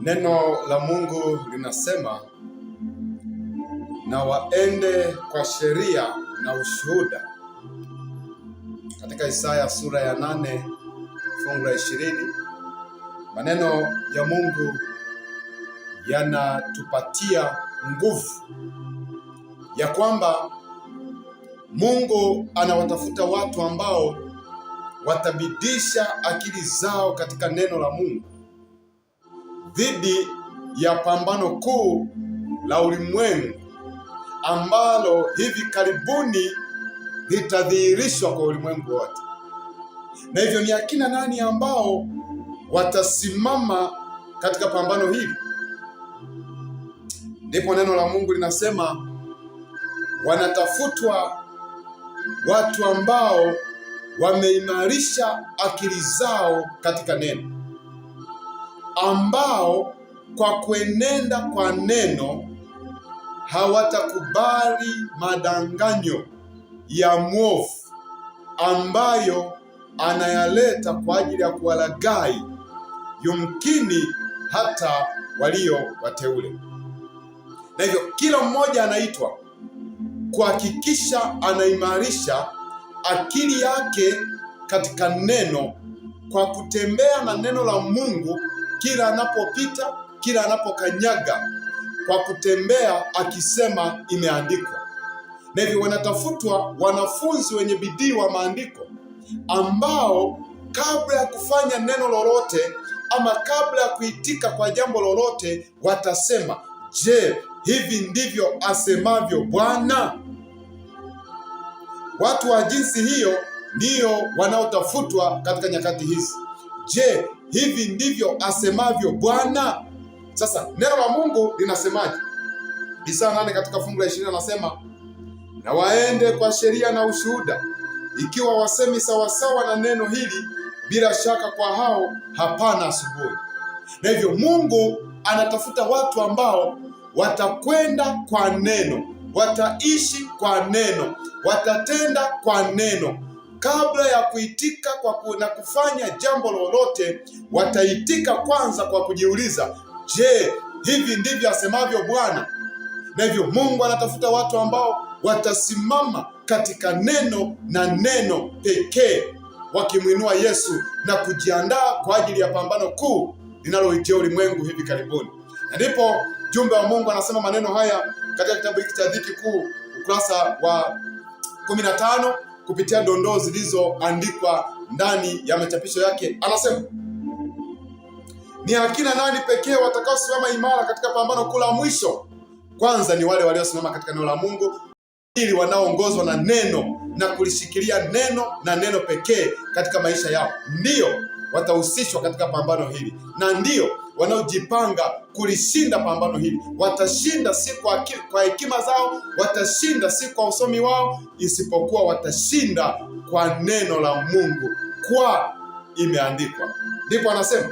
Neno la Mungu linasema na waende kwa sheria na ushuhuda, katika Isaya sura ya nane fungu la ishirini. Maneno ya Mungu yanatupatia nguvu ya kwamba Mungu anawatafuta watu ambao watabidisha akili zao katika neno la Mungu dhidi ya pambano kuu la ulimwengu ambalo hivi karibuni litadhihirishwa kwa ulimwengu wote. Na hivyo ni akina nani ambao watasimama katika pambano hili? Ndipo neno la Mungu linasema wanatafutwa watu ambao wameimarisha akili zao katika neno ambao kwa kuenenda kwa neno hawatakubali madanganyo ya mwovu ambayo anayaleta kwa ajili ya kuwalagai yumkini hata walio wateule. Na hivyo kila mmoja anaitwa kuhakikisha anaimarisha akili yake katika neno kwa kutembea na neno la Mungu kila anapopita, kila anapokanyaga, kwa kutembea akisema imeandikwa. Na hivyo wanatafutwa wanafunzi wenye bidii wa maandiko ambao kabla ya kufanya neno lolote ama kabla ya kuitika kwa jambo lolote watasema, je, hivi ndivyo asemavyo Bwana? Watu wa jinsi hiyo ndiyo wanaotafutwa katika nyakati hizi. Je, hivi ndivyo asemavyo Bwana. Sasa neno la Mungu linasemaje? Isaya nane katika fungu la ishirini anasema na waende kwa sheria na ushuhuda, ikiwa wasemi sawasawa na neno hili, bila shaka kwa hao hapana asubuhi. Na hivyo Mungu anatafuta watu ambao watakwenda kwa neno, wataishi kwa neno, watatenda kwa neno kabla ya kuitika kwa na kufanya jambo lolote, wataitika kwanza kwa kujiuliza, je, hivi ndivyo asemavyo Bwana? Na hivyo Mungu anatafuta watu ambao watasimama katika neno na neno pekee, wakimwinua Yesu na kujiandaa kwa ajili ya pambano kuu linaloitia ulimwengu hivi karibuni. Na ndipo jumbe wa Mungu anasema maneno haya katika kitabu hiki cha Dhiki Kuu, ukurasa wa kumi na tano kupitia dondoo zilizoandikwa ndani ya machapisho yake. Anasema ni akina nani pekee watakaosimama imara katika pambano kuu la mwisho? Kwanza ni wale waliosimama katika neno la Mungu, ili wanaoongozwa na neno na kulishikilia neno na neno pekee katika maisha yao, ndio watahusishwa katika pambano hili na ndio wanaojipanga kulishinda pambano hili. Watashinda si kwa, kwa hekima zao, watashinda si kwa usomi wao, isipokuwa watashinda kwa neno la Mungu, kwa imeandikwa. Ndipo anasema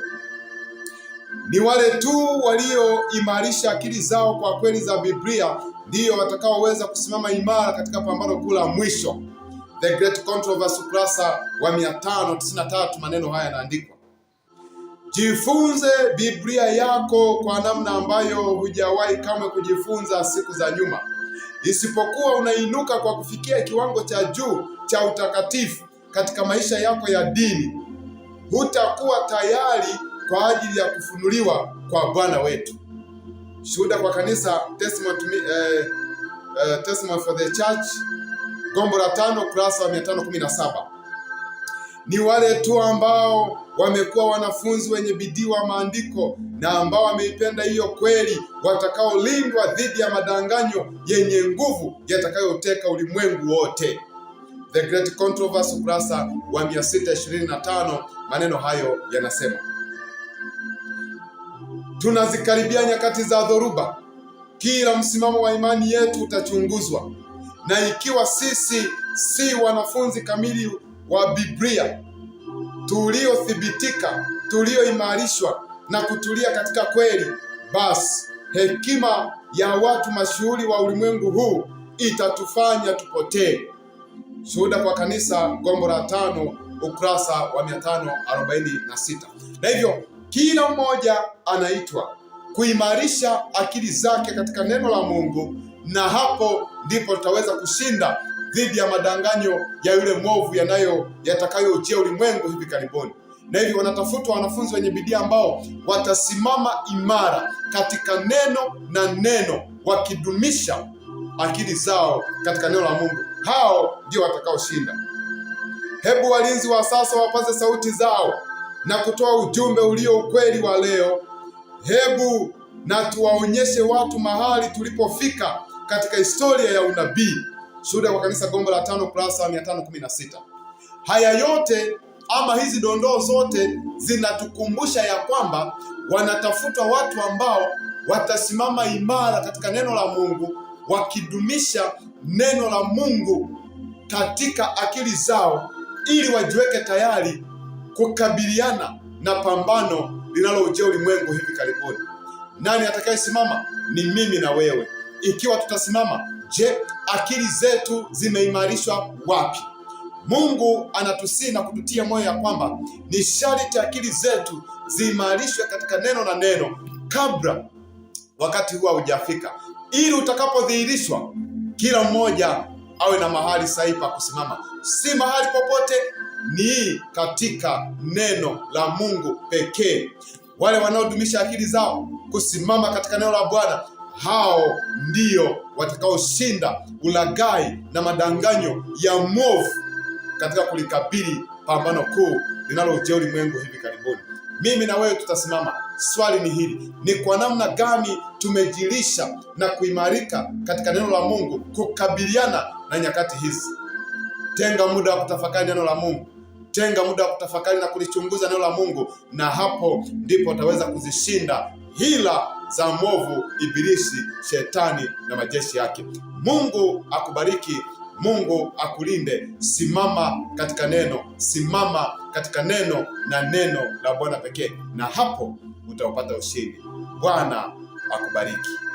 ni wale tu walioimarisha akili zao kwa kweli za Biblia ndiyo watakaoweza kusimama imara katika pambano kuu la mwisho. The Great Controversy, ukurasa wa 593, maneno haya yanaandikwa Jifunze Biblia yako kwa namna ambayo hujawahi kamwe kujifunza siku za nyuma. Isipokuwa unainuka kwa kufikia kiwango cha juu cha utakatifu katika maisha yako ya dini, hutakuwa tayari kwa ajili ya kufunuliwa kwa Bwana wetu. Shuhuda kwa Kanisa, Testimony to me, eh, eh, Testimony for the Church, gombo la tano, kurasa 517. Ni wale tu ambao wamekuwa wanafunzi wenye bidii wa maandiko na ambao wameipenda hiyo kweli, watakaolindwa dhidi ya madanganyo yenye nguvu yatakayoteka ulimwengu wote. The Great Controversy, ukurasa wa 625, maneno hayo yanasema: tunazikaribia nyakati za dhoruba. Kila msimamo wa imani yetu utachunguzwa, na ikiwa sisi si wanafunzi kamili wa Biblia tuliothibitika, tulioimarishwa na kutulia katika kweli, basi hekima ya watu mashuhuri wa ulimwengu huu itatufanya tupotee. Shuhuda kwa Kanisa, gombo la tano, ukurasa wa 546. Na hivyo kila mmoja anaitwa kuimarisha akili zake katika neno la Mungu, na hapo ndipo tutaweza kushinda dhidi ya madanganyo ya yule mwovu yanayo yatakayojia ulimwengu hivi karibuni. Na hivyo wanatafutwa wanafunzi wenye bidii ambao watasimama imara katika neno na neno, wakidumisha akili zao katika neno la Mungu. Hao ndio watakaoshinda. Hebu walinzi wa sasa wapaze sauti zao na kutoa ujumbe ulio ukweli wa leo. Hebu na tuwaonyeshe watu mahali tulipofika katika historia ya unabii. Shuhuda kwa Kanisa Gombo la tano kurasa 516. Haya yote ama hizi dondoo zote zinatukumbusha ya kwamba wanatafuta watu ambao watasimama imara katika neno la Mungu, wakidumisha neno la Mungu katika akili zao, ili wajiweke tayari kukabiliana na pambano linaloujia ulimwengu hivi karibuni. Nani atakayesimama? Ni mimi na wewe. Ikiwa tutasimama, je, akili zetu zimeimarishwa wapi? Mungu anatusii na kututia moyo ya kwamba ni sharti akili zetu ziimarishwe katika neno na neno kabla wakati huo haujafika, ili utakapodhihirishwa kila mmoja awe na mahali sahihi pa kusimama, si mahali popote, ni katika neno la Mungu pekee. Wale wanaodumisha akili zao kusimama katika neno la Bwana hao ndio watakaoshinda ulagai na madanganyo ya mwovu katika kulikabili pambano kuu linaloujia ulimwengu hivi karibuni. Mimi na wewe tutasimama. Swali ni hili: ni kwa namna gani tumejilisha na kuimarika katika neno la Mungu kukabiliana na nyakati hizi? Tenga muda wa kutafakari neno la Mungu. Tenga muda wa kutafakari na kulichunguza neno la Mungu, na hapo ndipo utaweza kuzishinda hila za mwovu Ibilisi, Shetani na majeshi yake. Mungu akubariki, Mungu akulinde. Simama katika neno, simama katika neno na neno la Bwana pekee, na hapo utaupata ushindi. Bwana akubariki.